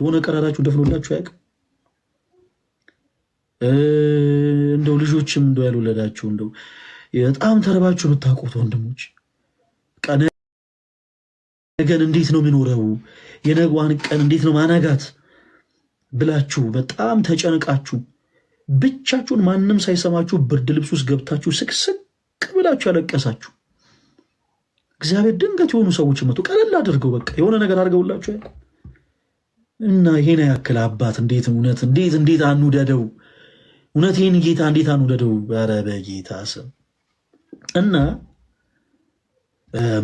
የሆነ ቀራራችሁ ደፍኖላችሁ አያውቅም? እንደው ልጆችም እንደው ያልወለዳችሁ እንደው በጣም ተርባችሁ የምታውቁት ወንድሞች ነገን እንዴት ነው የሚኖረው የነጓን ቀን እንዴት ነው ማናጋት ብላችሁ በጣም ተጨንቃችሁ ብቻችሁን ማንም ሳይሰማችሁ ብርድ ልብስ ውስጥ ገብታችሁ ስቅስቅ ብላችሁ ያለቀሳችሁ እግዚአብሔር ድንገት የሆኑ ሰዎች መጡ። ቀለል አድርገው በቃ የሆነ ነገር አድርገውላችሁ እና ይሄን ያክል አባት እንዴት እውነት እንዴት እንዴት አንውደደው እውነት ይህን ጌታ እንዴት አንውደደው። ኧረ በጌታ ስም እና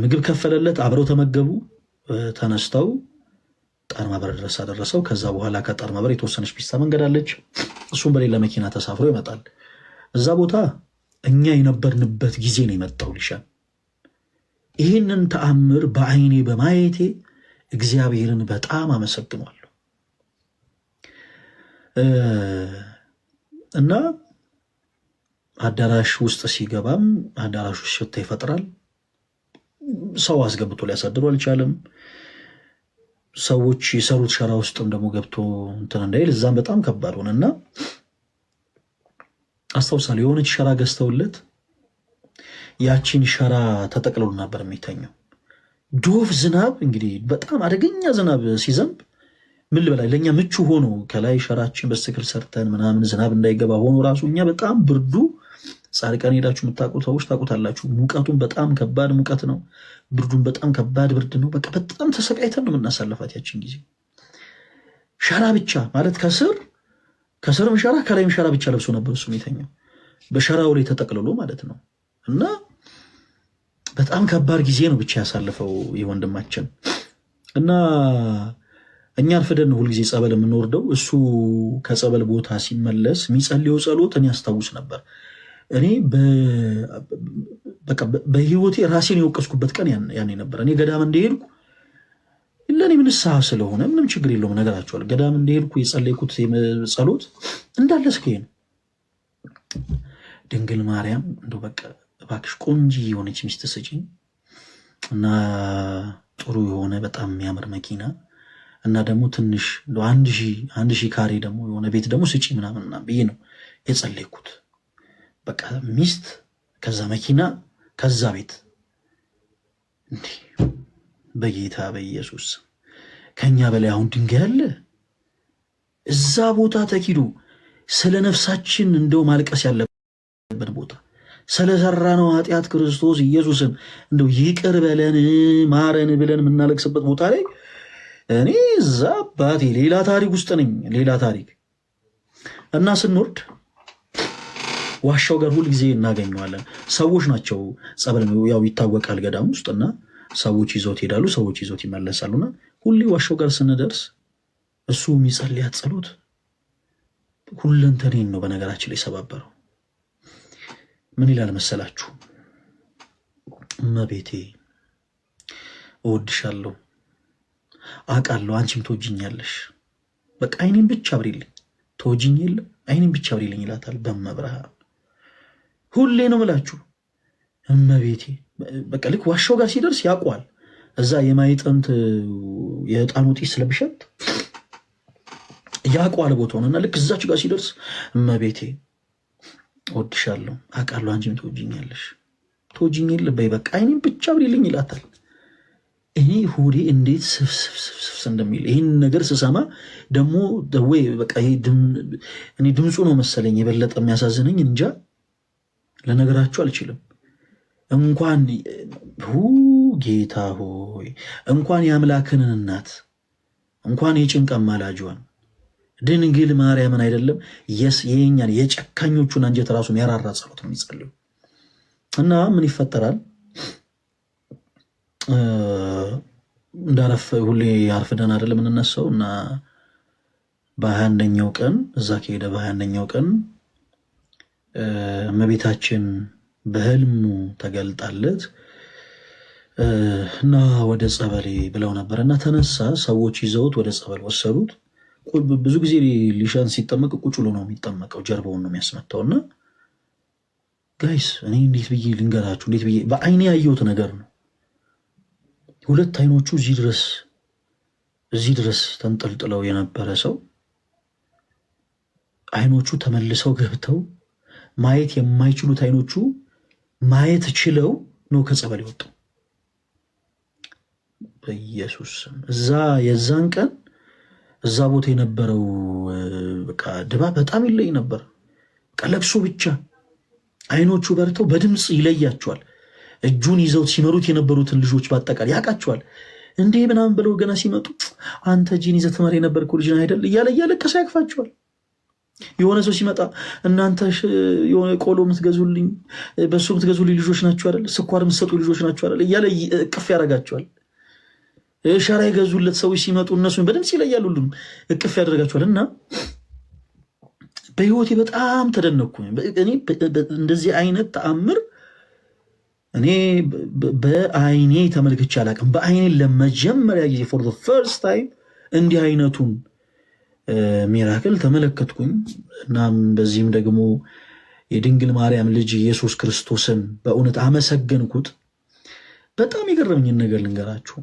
ምግብ ከፈለለት፣ አብረው ተመገቡ። ተነስተው ጣር ማበር ድረስ አደረሰው። ከዛ በኋላ ከጣር ማበር የተወሰነች ፒስታ መንገድ አለች። እሱም በሌላ መኪና ተሳፍሮ ይመጣል። እዛ ቦታ እኛ የነበርንበት ጊዜ ነው የመጣው። ሊሻን ይህንን ተአምር በአይኔ በማየቴ እግዚአብሔርን በጣም አመሰግኗል። እና አዳራሽ ውስጥ ሲገባም አዳራሽ ውስጥ ሽታ ይፈጥራል። ሰው አስገብቶ ሊያሳድሩ አልቻለም። ሰዎች የሰሩት ሸራ ውስጥም ደግሞ ገብቶ እንትን እንዳይል እዛም በጣም ከባድ ሆነ እና አስታውሳለሁ የሆነች ሸራ ገዝተውለት ያቺን ሸራ ተጠቅልሎ ነበር የሚተኘው። ዶፍ ዝናብ እንግዲህ በጣም አደገኛ ዝናብ ሲዘንብ ምን ልበላ ለእኛ ምቹ ሆኖ ከላይ ሸራችን በስክል ሰርተን ምናምን ዝናብ እንዳይገባ ሆኖ ራሱ እኛ በጣም ብርዱ ጻድቃን ሄዳችሁ የምታውቁ ሰዎች ታውቁታላችሁ። ሙቀቱን በጣም ከባድ ሙቀት ነው። ብርዱን በጣም ከባድ ብርድ ነው። በቃ በጣም ተሰቃይተን ነው የምናሳልፋት ያችን ጊዜ። ሸራ ብቻ ማለት ከስር ከስርም ሸራ ከላይም ሸራ ብቻ ለብሶ ነበር እሱ የተኛው በሸራው ላይ ተጠቅልሎ ማለት ነው። እና በጣም ከባድ ጊዜ ነው ብቻ ያሳልፈው ይህ ወንድማችን እና እኛ አርፍደን ሁልጊዜ ጸበል የምንወርደው እሱ ከጸበል ቦታ ሲመለስ የሚጸልየው ጸሎት እኔ ያስታውስ ነበር። እኔ በህይወቴ ራሴን የወቀስኩበት ቀን ያኔ ነበር። እኔ ገዳም እንደሄድኩ ለእኔ ምንሳ ስለሆነ ምንም ችግር የለውም ነገራቸዋል። ገዳም እንደሄድኩ የጸለይኩት ጸሎት እንዳለ እስከ ነው ድንግል ማርያም እንደ በቃ እባክሽ ቆንጂ የሆነች ሚስት ስጪኝ እና ጥሩ የሆነ በጣም የሚያምር መኪና እና ደግሞ ትንሽ አንድ ሺህ ካሬ ደግሞ የሆነ ቤት ደግሞ ስጪ ምናምን ብዬ ነው የጸለይኩት። በቃ ሚስት፣ ከዛ መኪና፣ ከዛ ቤት። እንዲህ በጌታ በኢየሱስ ከኛ በላይ አሁን ድንጋይ አለ እዛ ቦታ ተኪዶ ስለ ነፍሳችን እንደው ማልቀስ ያለብን ቦታ ነው ኃጢአት ክርስቶስ ኢየሱስን እንደው ይቅር በለን ማረን ብለን የምናለቅስበት ቦታ ላይ እኔ እዛ አባቴ ሌላ ታሪክ ውስጥ ነኝ። ሌላ ታሪክ እና ስንወርድ ዋሻው ጋር ሁልጊዜ እናገኘዋለን። ሰዎች ናቸው ጸበል፣ ያው ይታወቃል ገዳም ውስጥ እና ሰዎች ይዞት ይሄዳሉ፣ ሰዎች ይዞት ይመለሳሉ። እና ሁሌ ዋሻው ጋር ስንደርስ እሱ የሚጸልያት ጸሎት ሁለንተኔን ነው በነገራችን ላይ ሰባበረው። ምን ይላል መሰላችሁ? እመቤቴ እወድሻለሁ አውቃለሁ አንቺም ትወጂኛለሽ። በቃ አይኔን ብቻ አብሪልኝ፣ ትወጂኝ የለ አይኔን ብቻ አብሪልኝ ይላታል። በመብረሃ ሁሌ ነው ምላችሁ እመቤቴ። በቃ ልክ ዋሻው ጋር ሲደርስ ያውቋል። እዛ የማይጠንት የዕጣኑ ጢስ ስለሚሸት ያውቋል ቦታውን እና ልክ እዛች ጋር ሲደርስ እመቤቴ ወድሻለሁ አውቃለሁ አንቺም ትወጂኛለሽ፣ ትወጂኝ የለ በይ፣ በቃ አይኔን ብቻ አብሪልኝ ይላታል። እኔ ሆዴ እንዴት ስፍስፍስፍስ እንደሚል ይህን ነገር ስሰማ ደግሞ ወይ በቃ እኔ ድምፁ ነው መሰለኝ የበለጠ የሚያሳዝነኝ። እንጃ ለነገራችሁ አልችልም። እንኳን ሁ ጌታ ሆይ እንኳን የአምላክን እናት እንኳን የጭንቅ አማላጇን ድንግል ማርያምን አይደለም የስ የኛን የጨካኞቹን አንጀት ራሱን ያራራ ጸሎት ነው የሚጸልዩ እና ምን ይፈጠራል? እንዳረፍ ሁሌ አርፍደን አደል የምንነሳው እና በሀያ አንደኛው ቀን እዛ ከሄደ በሀያ አንደኛው ቀን እመቤታችን በህልሙ ተገልጣለት እና ወደ ጸበሌ ብለው ነበር እና ተነሳ። ሰዎች ይዘውት ወደ ጸበል ወሰዱት። ብዙ ጊዜ ሊሻን ሲጠመቅ ቁጭሎ ነው የሚጠመቀው፣ ጀርባውን ነው የሚያስመታው። እና ጋይስ እኔ እንዴት ብዬ ልንገራችሁ፣ እንዴት ብዬ በአይኔ ያየሁት ነገር ነው ሁለት አይኖቹ እዚህ ድረስ እዚህ ድረስ ተንጠልጥለው የነበረ ሰው አይኖቹ ተመልሰው ገብተው ማየት የማይችሉት አይኖቹ ማየት ችለው ነው ከጸበል ይወጡ በኢየሱስ ስም እዛ የዛን ቀን እዛ ቦታ የነበረው በቃ ድባብ በጣም ይለይ ነበር። በቃ ብቻ አይኖቹ በርተው በድምፅ ይለያቸዋል። እጁን ይዘው ሲመሩት የነበሩትን ልጆች በአጠቃላይ ያውቃቸዋል። እንዲህ ምናምን ብለው ገና ሲመጡ አንተ እጅን ይዘህ ትመር የነበርከው ልጅ አይደል እያለ እያለቀሰ ያቅፋቸዋል። የሆነ ሰው ሲመጣ እናንተ የሆነ ቆሎ ምትገዙልኝ በሱ ምትገዙልኝ ልጆች ናቸው አይደል፣ ስኳር ምትሰጡ ልጆች ናቸው አይደል እያለ እቅፍ ያደርጋቸዋል። ሸራ የገዙለት ሰዎች ሲመጡ እነሱን በድምፅ ይለያል፣ ሁሉም እቅፍ ያደርጋቸዋል። እና በህይወቴ በጣም ተደነኩኝ። እኔ እንደዚህ አይነት ተአምር እኔ በአይኔ ተመልክቼ አላቅም። በአይኔ ለመጀመሪያ ጊዜ ፎር ፈርስት ታይም እንዲህ አይነቱን ሚራክል ተመለከትኩኝ። እናም በዚህም ደግሞ የድንግል ማርያም ልጅ ኢየሱስ ክርስቶስን በእውነት አመሰገንኩት። በጣም የገረመኝን ነገር ልንገራችሁ።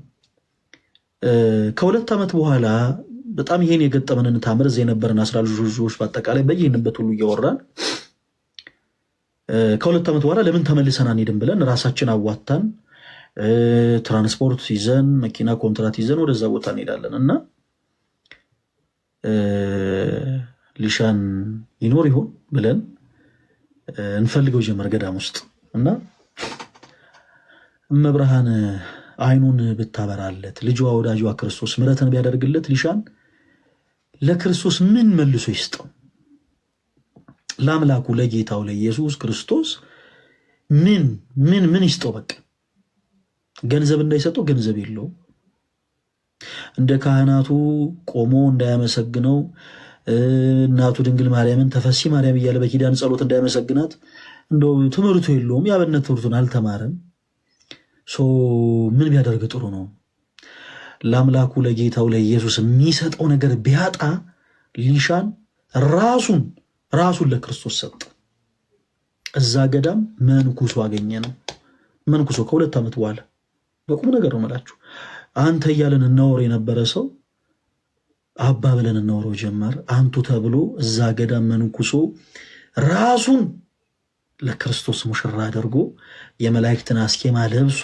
ከሁለት ዓመት በኋላ በጣም ይሄን የገጠመንን ታምር እዚህ የነበረን አስራ ልጆች በአጠቃላይ በየንበት ሁሉ እያወራን ከሁለት ዓመት በኋላ ለምን ተመልሰን አንሄድም ብለን ራሳችን አዋታን ትራንስፖርት ይዘን መኪና ኮንትራት ይዘን ወደዛ ቦታ እንሄዳለን እና ሊሻን ይኖር ይሆን ብለን እንፈልገው ጀመር ገዳም ውስጥ እና እመብርሃን አይኑን ብታበራለት ልጇ ወዳጇ ክርስቶስ ምሕረትን ቢያደርግለት ሊሻን ለክርስቶስ ምን መልሶ ይስጠው? ለአምላኩ ለጌታው ለኢየሱስ ክርስቶስ ምን ምን ምን ይስጠው? በቃ ገንዘብ እንዳይሰጠው ገንዘብ የለውም። እንደ ካህናቱ ቆሞ እንዳያመሰግነው እናቱ ድንግል ማርያምን ተፈሲ ማርያም እያለ በኪዳን ጸሎት እንዳያመሰግናት እንደ ትምህርቱ የለውም። የአብነት ትምህርቱን አልተማረም። ምን ቢያደርግ ጥሩ ነው? ለአምላኩ ለጌታው ለኢየሱስ የሚሰጠው ነገር ቢያጣ ሊሻን ራሱን ራሱን ለክርስቶስ ሰጠ። እዛ ገዳም መንኩሶ አገኘ ነው። መንኩሶ ከሁለት ዓመት በኋላ በቁም ነገር ነው የምላችሁ። አንተ እያለን እናወር የነበረ ሰው አባ ብለን እናወረው ጀመር። አንቱ ተብሎ እዛ ገዳም መንኩሶ ራሱን ለክርስቶስ ሙሽራ አድርጎ የመላእክትን አስኬማ ለብሶ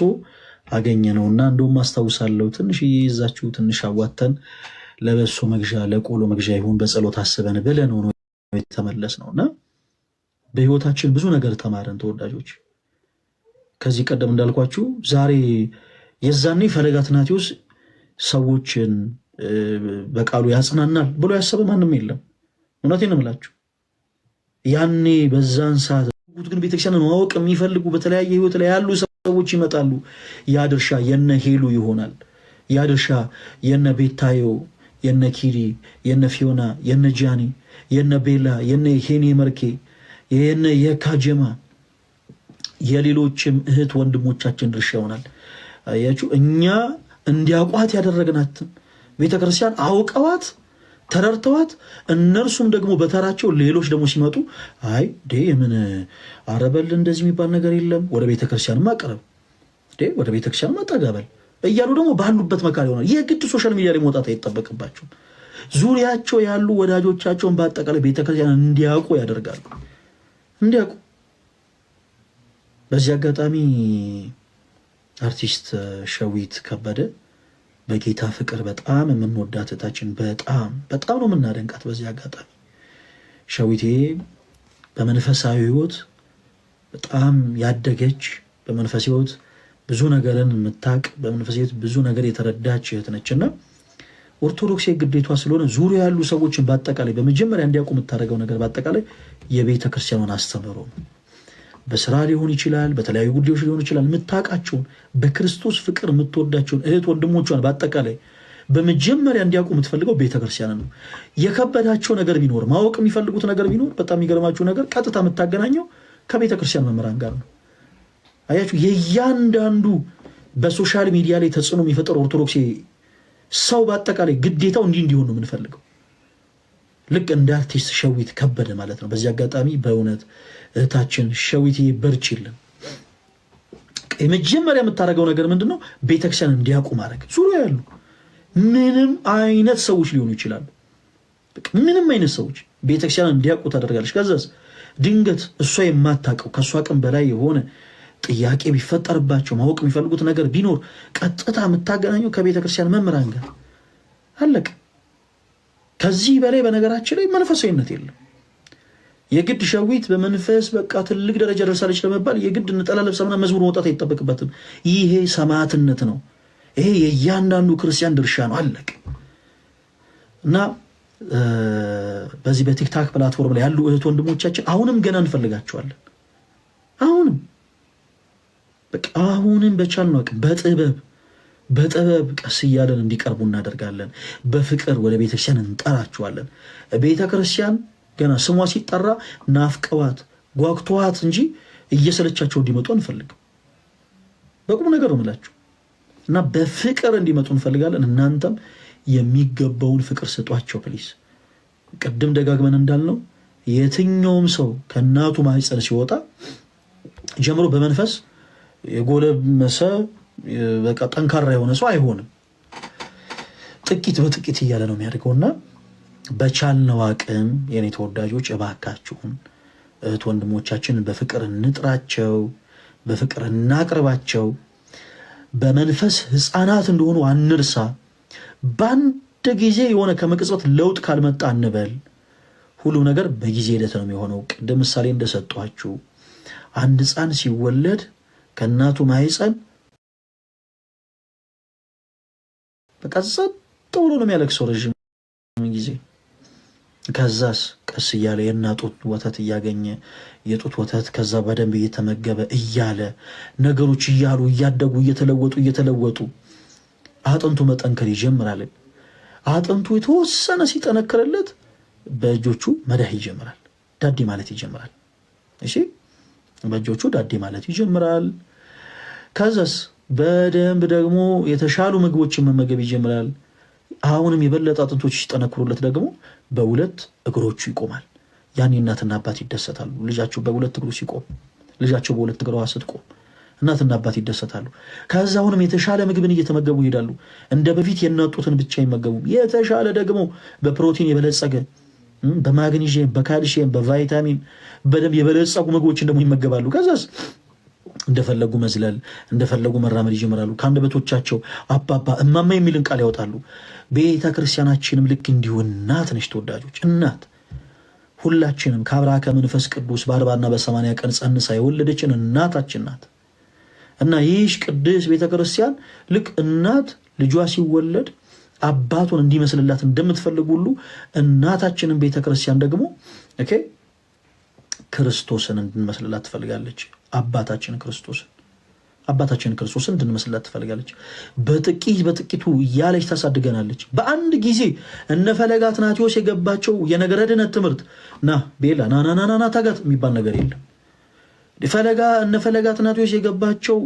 አገኘ ነው እና እንደውም አስታውሳለሁ ትንሽ ይዛችሁ ትንሽ አዋተን ለበሶ መግዣ ለቆሎ መግዣ ይሁን በጸሎት አስበን ብለን ሆኖ የተመለስ ነው እና በህይወታችን ብዙ ነገር ተማረን ተወዳጆች። ከዚህ ቀደም እንዳልኳችሁ ዛሬ የዛኔ ፈለገ አትናቴዎስ ሰዎችን በቃሉ ያጽናናል ብሎ ያሰበ ማንም የለም። እውነቴን ነው የምላችሁ። ያኔ በዛን ሰዓት ግን ቤተክርስቲያንን ማወቅ የሚፈልጉ በተለያየ ህይወት ላይ ያሉ ሰዎች ይመጣሉ። ያ ድርሻ የነ ሄሉ ይሆናል። ያ ድርሻ የነ ቤታየው የነ ኪሪ፣ የነ ፊዮና፣ የነ ጃኒ፣ የነ ቤላ፣ የነ ሄኔ መርኬ፣ የነ የካጀማ የሌሎችም እህት ወንድሞቻችን ድርሻ ይሆናል። አያችሁ እኛ እንዲያውቋት ያደረግናትን ቤተ ክርስቲያን አውቀዋት ተረድተዋት እነርሱም ደግሞ በተራቸው ሌሎች ደግሞ ሲመጡ አይ ዴ የምን አረበል እንደዚህ የሚባል ነገር የለም ወደ ቤተ ክርስቲያን ማቅረብ ወደ ቤተ ክርስቲያን ማጠጋበል እያሉ ደግሞ ባሉበት መካል ይሆናል። የግድ ሶሻል ሚዲያ ላይ መውጣት አይጠበቅባቸው ዙሪያቸው ያሉ ወዳጆቻቸውን በአጠቃላይ ቤተክርስቲያን እንዲያውቁ ያደርጋሉ። እንዲያውቁ በዚህ አጋጣሚ አርቲስት ሸዊት ከበደ በጌታ ፍቅር በጣም የምንወዳት እህታችን በጣም በጣም ነው የምናደንቃት። በዚህ አጋጣሚ ሸዊቴ በመንፈሳዊ ሕይወት በጣም ያደገች በመንፈስ ሕይወት ብዙ ነገርን የምታቅ በመንፈስ ብዙ ነገር የተረዳች እህት ነችና ኦርቶዶክስ ግዴቷ ስለሆነ ዙሪያ ያሉ ሰዎችን በአጠቃላይ በመጀመሪያ እንዲያውቁ የምታደርገው ነገር በአጠቃላይ የቤተ ክርስቲያኗን አስተምህሮ ነው። በስራ ሊሆን ይችላል፣ በተለያዩ ጉዳዮች ሊሆን ይችላል። የምታውቃቸውን በክርስቶስ ፍቅር የምትወዳቸውን እህት ወንድሞቿን በአጠቃላይ በመጀመሪያ እንዲያውቁ የምትፈልገው ቤተ ክርስቲያን ነው። የከበዳቸው ነገር ቢኖር ማወቅ የሚፈልጉት ነገር ቢኖር በጣም የሚገርማችሁ ነገር ቀጥታ የምታገናኘው ከቤተ ክርስቲያን መምህራን ጋር ነው። አያችሁ የእያንዳንዱ በሶሻል ሚዲያ ላይ ተጽዕኖ የሚፈጠር ኦርቶዶክስ ሰው በአጠቃላይ ግዴታው እንዲህ እንዲሆን ነው የምንፈልገው። ልክ እንደ አርቲስት ሸዊት ከበደ ማለት ነው። በዚህ አጋጣሚ በእውነት እህታችን ሸዊት በርችልን። የመጀመሪያ የምታደርገው ነገር ምንድን ነው? ቤተክርስቲያን እንዲያውቁ ማድረግ። ዙሪያ ያሉ ምንም አይነት ሰዎች ሊሆኑ ይችላሉ። ምንም አይነት ሰዎች ቤተክርስቲያን እንዲያውቁ ታደርጋለች። ከዛስ ድንገት እሷ የማታውቀው ከእሷ አቅም በላይ የሆነ ጥያቄ ቢፈጠርባቸው ማወቅ የሚፈልጉት ነገር ቢኖር ቀጥታ የምታገናኘው ከቤተ ክርስቲያን መምህራን ጋር አለቅ። ከዚህ በላይ በነገራችን ላይ መንፈሳዊነት የለም። የግድ ሸዊት በመንፈስ በቃ ትልቅ ደረጃ ደርሳለች ለመባል የግድ ነጠላ ለብሳምና መዝሙር መውጣት አይጠበቅበትም። ይሄ ሰማዕትነት ነው። ይሄ የእያንዳንዱ ክርስቲያን ድርሻ ነው። አለቅ እና በዚህ በቲክታክ ፕላትፎርም ላይ ያሉ እህት ወንድሞቻችን አሁንም ገና እንፈልጋቸዋለን። አሁንም በቃ አሁንም በቻልነው አቅም በጥበብ በጥበብ ቀስ እያለን እንዲቀርቡ እናደርጋለን። በፍቅር ወደ ቤተክርስቲያን እንጠራችኋለን። ቤተክርስቲያን ገና ስሟ ሲጠራ ናፍቀዋት ጓጉተዋት እንጂ እየሰለቻቸው እንዲመጡ አንፈልግም። በቁም ነገር ነው እና በፍቅር እንዲመጡ እንፈልጋለን። እናንተም የሚገባውን ፍቅር ስጧቸው ፕሊስ። ቅድም ደጋግመን እንዳልነው የትኛውም ሰው ከእናቱ ማህፀን ሲወጣ ጀምሮ በመንፈስ የጎለመሰ በቃ ጠንካራ የሆነ ሰው አይሆንም። ጥቂት በጥቂት እያለ ነው የሚያደርገውና በቻልነው አቅም የኔ ተወዳጆች እባካችሁን እህት ወንድሞቻችን በፍቅር እንጥራቸው፣ በፍቅር እናቅርባቸው። በመንፈስ ሕፃናት እንደሆኑ አንርሳ። በአንድ ጊዜ የሆነ ከመቅጽበት ለውጥ ካልመጣ እንበል። ሁሉም ነገር በጊዜ ሂደት ነው የሚሆነው። ቅድም ምሳሌ እንደሰጧችሁ አንድ ሕፃን ሲወለድ ከእናቱ ማህፀን በቃ ጸጥ ብሎ ነው የሚያለቅሰው ረዥም ጊዜ። ከዛስ ቀስ እያለ ጡት ወተት እያገኘ የጡት ወተት ከዛ በደንብ እየተመገበ እያለ ነገሮች እያሉ እያደጉ እየተለወጡ እየተለወጡ አጥንቱ መጠንከር ይጀምራል። አጥንቱ የተወሰነ ሲጠነክርለት በእጆቹ መዳህ ይጀምራል፣ ዳዴ ማለት ይጀምራል። እሺ በእጆቹ ዳዴ ማለት ይጀምራል። ከዛስ በደንብ ደግሞ የተሻሉ ምግቦችን መመገብ ይጀምራል። አሁንም የበለጠ አጥንቶች ሲጠነክሩለት ደግሞ በሁለት እግሮቹ ይቆማል። ያኔ እናትና አባት ይደሰታሉ። ልጃቸው በሁለት እግሩ ሲቆም፣ ልጃቸው በሁለት እግሯ ስትቆም እናትና አባት ይደሰታሉ። ከዛ አሁንም የተሻለ ምግብን እየተመገቡ ይሄዳሉ። እንደ በፊት የናጡትን ብቻ አይመገቡም። የተሻለ ደግሞ በፕሮቲን የበለጸገ በማግኒዥየም በካልሽየም በቫይታሚን በደንብ የበለጸጉ ምግቦችን ደግሞ ይመገባሉ። ከዛስ እንደፈለጉ መዝለል እንደፈለጉ መራመድ ይጀምራሉ። ከአንደበቶቻቸው አባባ እማማ የሚልን ቃል ያወጣሉ። ቤተ ክርስቲያናችንም ልክ እንዲሁ እናት ነች። ተወዳጆች እናት ሁላችንም ከአብራ ከመንፈስ ቅዱስ በአርባና በሰማንያ ቀን ጸንሳ የወለደችን እናታችን ናት እና ይህሽ ቅድስ ቤተ ክርስቲያን ልክ እናት ልጇ ሲወለድ አባቱን እንዲመስልላት እንደምትፈልጉ ሁሉ እናታችንን ቤተ ክርስቲያን ደግሞ ክርስቶስን እንድንመስልላት ትፈልጋለች። አባታችን ክርስቶስን አባታችን ክርስቶስን እንድንመስልላት ትፈልጋለች። በጥቂት በጥቂቱ እያለች ታሳድገናለች። በአንድ ጊዜ እነ ፈለጋት የገባቸው የነገረ ድነት ትምህርት ና ቤላ ናናናናና ታጋት የሚባል ነገር የለም። ፈለጋ እነ ፈለጋ ትናንቶች የገባቸው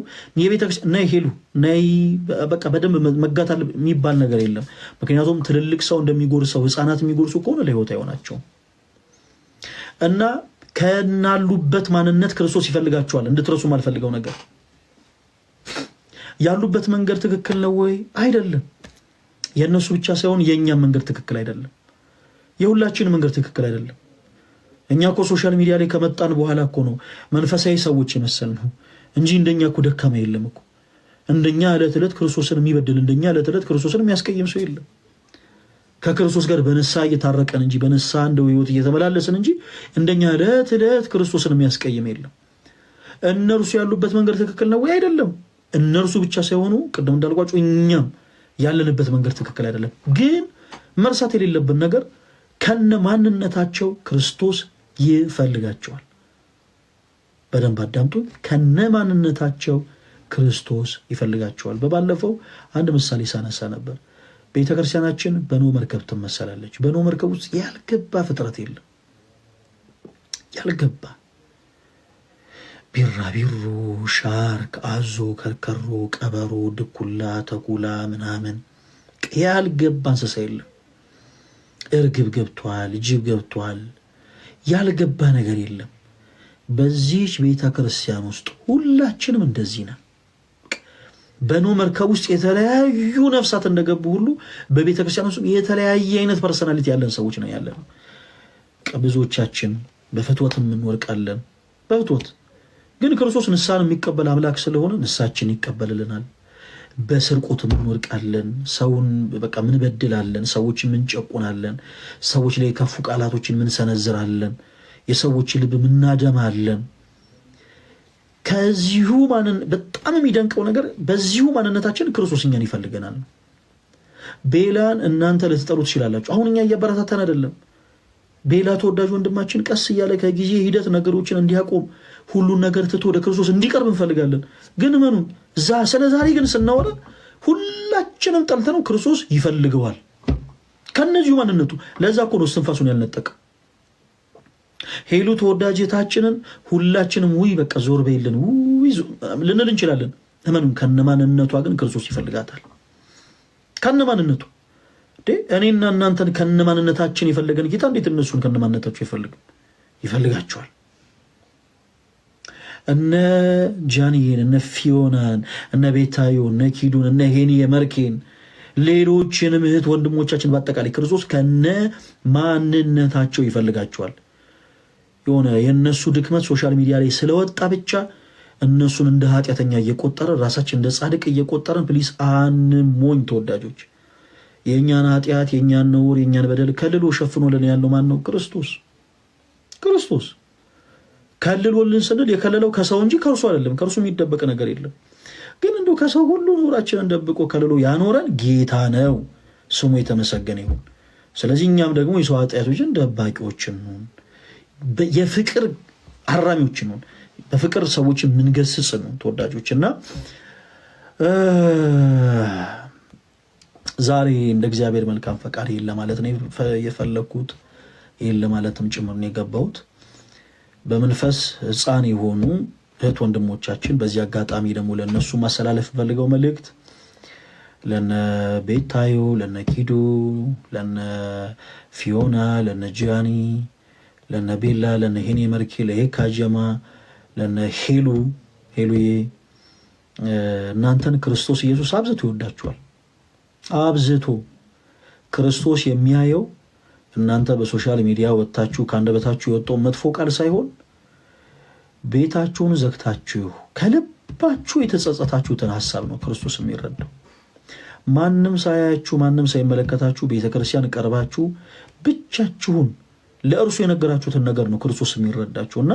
የቤተክርስቲያን ነይ ሄሉ ነይ በቃ በደንብ መጋታል የሚባል ነገር የለም። ምክንያቱም ትልልቅ ሰው እንደሚጎርሰው ህፃናት የሚጎርሱ ከሆነ ለህይወት አይሆናቸውም እና ከናሉበት ማንነት ክርስቶስ ይፈልጋቸዋል። እንድትረሱ ማልፈልገው ነገር ያሉበት መንገድ ትክክል ነው ወይ አይደለም። የእነሱ ብቻ ሳይሆን የእኛም መንገድ ትክክል አይደለም። የሁላችን መንገድ ትክክል አይደለም። እኛ እኮ ሶሻል ሚዲያ ላይ ከመጣን በኋላ እኮ ነው መንፈሳዊ ሰዎች የመሰል ነው እንጂ እንደኛ እኮ ደካማ የለም እኮ። እንደኛ ዕለት ዕለት ክርስቶስን የሚበድል እንደኛ ዕለት ዕለት ክርስቶስን የሚያስቀይም ሰው የለም። ከክርስቶስ ጋር በንሳ እየታረቀን እንጂ በንሳ እንደው ህይወት እየተመላለስን እንጂ እንደኛ ዕለት ዕለት ክርስቶስን የሚያስቀይም የለም። እነርሱ ያሉበት መንገድ ትክክል ነው ወይ አይደለም? እነርሱ ብቻ ሳይሆኑ ቅድም እንዳልኳቸው እኛም ያለንበት መንገድ ትክክል አይደለም። ግን መርሳት የሌለብን ነገር ከነ ማንነታቸው ክርስቶስ ይፈልጋቸዋል። በደንብ አዳምጡ። ከነ ማንነታቸው ክርስቶስ ይፈልጋቸዋል። በባለፈው አንድ ምሳሌ ሳነሳ ነበር። ቤተ ክርስቲያናችን በኖ መርከብ ትመሰላለች። በኖ መርከብ ውስጥ ያልገባ ፍጥረት የለም። ያልገባ ቢራቢሮ፣ ሻርክ፣ አዞ፣ ከርከሮ፣ ቀበሮ፣ ድኩላ፣ ተኩላ ምናምን ያልገባ እንስሳ የለም። እርግብ ገብቷል። ጅብ ገብቷል። ያልገባ ነገር የለም። በዚህች ቤተ ክርስቲያን ውስጥ ሁላችንም እንደዚህ ነን። በኖ መርከብ ውስጥ የተለያዩ ነፍሳት እንደገቡ ሁሉ በቤተ ክርስቲያን ውስጥ የተለያየ አይነት ፐርሰናሊቲ ያለን ሰዎች ነው ያለ ነው። ብዙዎቻችን በፍትወት የምንወርቃለን። በፍትወት ግን ክርስቶስ ንሳን የሚቀበል አምላክ ስለሆነ ንሳችን ይቀበልልናል። በስርቁት እንወድቃለን። ሰውን በቃ ምንበድላለን፣ ሰዎች ምንጨቁናለን፣ ሰዎች ላይ የከፉ ቃላቶችን ምንሰነዝራለን፣ የሰዎች ልብ ምናደማለን። ከዚሁ በጣም የሚደንቀው ነገር በዚሁ ማንነታችን ክርስቶስ እኛን ይፈልገናል። ቤላን እናንተ ልትጠሩ ትችላላችሁ። አሁን እኛ እያበረታታን አይደለም ቤላ ተወዳጅ ወንድማችን ቀስ እያለ ከጊዜ ሂደት ነገሮችን እንዲያቆም ሁሉን ነገር ትቶ ወደ ክርስቶስ እንዲቀርብ እንፈልጋለን። ግን መኑ ስለ ዛሬ ግን ስናወራ ሁላችንም ጠልተ ነው ክርስቶስ ይፈልገዋል ከነዚሁ ማንነቱ። ለዛ እኮ ነው እስትንፋሱን ያልነጠቀ ሄሉ ተወዳጅታችንን ሁላችንም ውይ በቃ ዞር በይልን ልንል እንችላለን። እመኑም ከነማንነቷ ግን ክርስቶስ ይፈልጋታል ከነማንነቱ እኔና እናንተን ከነማንነታችን የፈለገን ጌታ እንዴት እነሱን ከነማንነታቸው ይፈልግ ይፈልጋቸዋል። እነ ጃንዬን፣ እነ ፊዮናን፣ እነ ቤታዮ፣ እነ ኪዱን፣ እነ ሄኒ የመርኬን ሌሎችንም እህት ወንድሞቻችን በአጠቃላይ ክርስቶስ ከነ ማንነታቸው ይፈልጋቸዋል። የሆነ የእነሱ ድክመት ሶሻል ሚዲያ ላይ ስለወጣ ብቻ እነሱን እንደ ኃጢአተኛ እየቆጠረን ራሳችን እንደ ጻድቅ እየቆጠረን ፕሊስ አንሞኝ ተወዳጆች። የእኛን ኃጢአት፣ የእኛን ነውር፣ የእኛን በደል ከልሎ ሸፍኖልን ያለው ማን ነው? ክርስቶስ ክርስቶስ ከልሎልን ስንል የከለለው ከሰው እንጂ ከእርሱ አይደለም። ከእርሱ የሚደበቅ ነገር የለም። ግን እንደው ከሰው ሁሉ ኑራችንን ደብቆ ከልሎ ያኖረን ጌታ ነው። ስሙ የተመሰገነ ይሁን። ስለዚህ እኛም ደግሞ የሰው ኃጢአቶችን ደባቂዎች ነን፣ የፍቅር አራሚዎች ነን፣ በፍቅር ሰዎችን ምንገስጽ ነው ተወዳጆች እና ዛሬ እንደ እግዚአብሔር መልካም ፈቃድ ይሄን ለማለት ነው የፈለግኩት። ይሄን ለማለትም ጭምር ነው የገባሁት። በመንፈስ ሕፃን የሆኑ እህት ወንድሞቻችን በዚህ አጋጣሚ ደግሞ ለእነሱ ማስተላለፍ ፈልገው መልእክት ለነ ቤታዩ፣ ለነ ኪዱ፣ ለነ ፊዮና፣ ለነ ጂያኒ፣ ለነ ቤላ፣ ለነ ሄኔ መርኬ፣ ለሄካ ጀማ፣ ለነ ሄሉ ሄሉዬ እናንተን ክርስቶስ ኢየሱስ አብዝቶ ይወዳችኋል። አብዝቶ ክርስቶስ የሚያየው እናንተ በሶሻል ሚዲያ ወጥታችሁ ከአንደበታችሁ የወጣው መጥፎ ቃል ሳይሆን ቤታችሁን ዘግታችሁ ከልባችሁ የተጸጸታችሁትን ሀሳብ ነው ክርስቶስ የሚረዳው። ማንም ሳያያችሁ ማንም ሳይመለከታችሁ ቤተ ክርስቲያን ቀርባችሁ ብቻችሁን ለእርሱ የነገራችሁትን ነገር ነው ክርስቶስ የሚረዳችሁ እና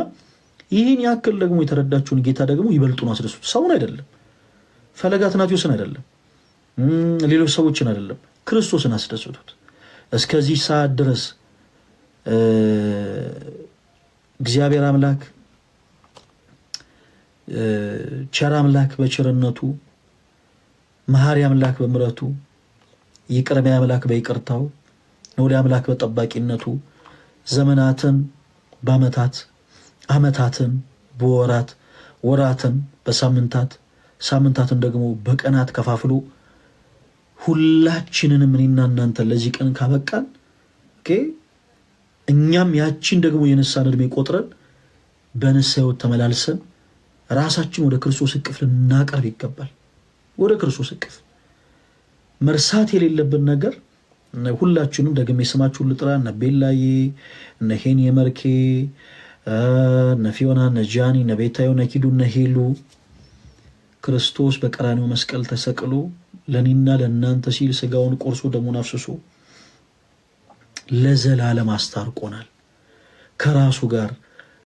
ይህን ያክል ደግሞ የተረዳችሁን ጌታ ደግሞ ይበልጡን አስደሱት። ሰውን አይደለም፣ ፈለገ አትናትዮስን አይደለም ሌሎች ሰዎችን አይደለም፣ ክርስቶስን አስደስቱት። እስከዚህ ሰዓት ድረስ እግዚአብሔር አምላክ ቸር አምላክ በቸርነቱ መሐሪ አምላክ በምረቱ ይቅርሚ አምላክ በይቅርታው ኖሪ አምላክ በጠባቂነቱ ዘመናትን በአመታት አመታትን በወራት ወራትን በሳምንታት ሳምንታትን ደግሞ በቀናት ከፋፍሎ ሁላችንንም እኔና እናንተ ለዚህ ቀን ካበቃን እኛም ያችን ደግሞ የነሳን እድሜ ቆጥረን በንስሐ ሕይወት ተመላልሰን ራሳችን ወደ ክርስቶስ እቅፍ ልናቀርብ ይገባል። ወደ ክርስቶስ እቅፍ መርሳት የሌለብን ነገር ሁላችንም ደግሜ ስማችሁን ልጥራ። እነ ቤላዬ፣ እነ ሄን የመርኬ፣ እነ ፊዮና፣ እነ ጃኒ፣ እነ ቤታዮ፣ እነ ኪዱ፣ እነ ሄሉ ክርስቶስ በቀራኒው መስቀል ተሰቅሎ ለእኔና ለእናንተ ሲል ስጋውን ቆርሶ ደሙን አፍስሶ ለዘላለም አስታርቆናል ከራሱ ጋር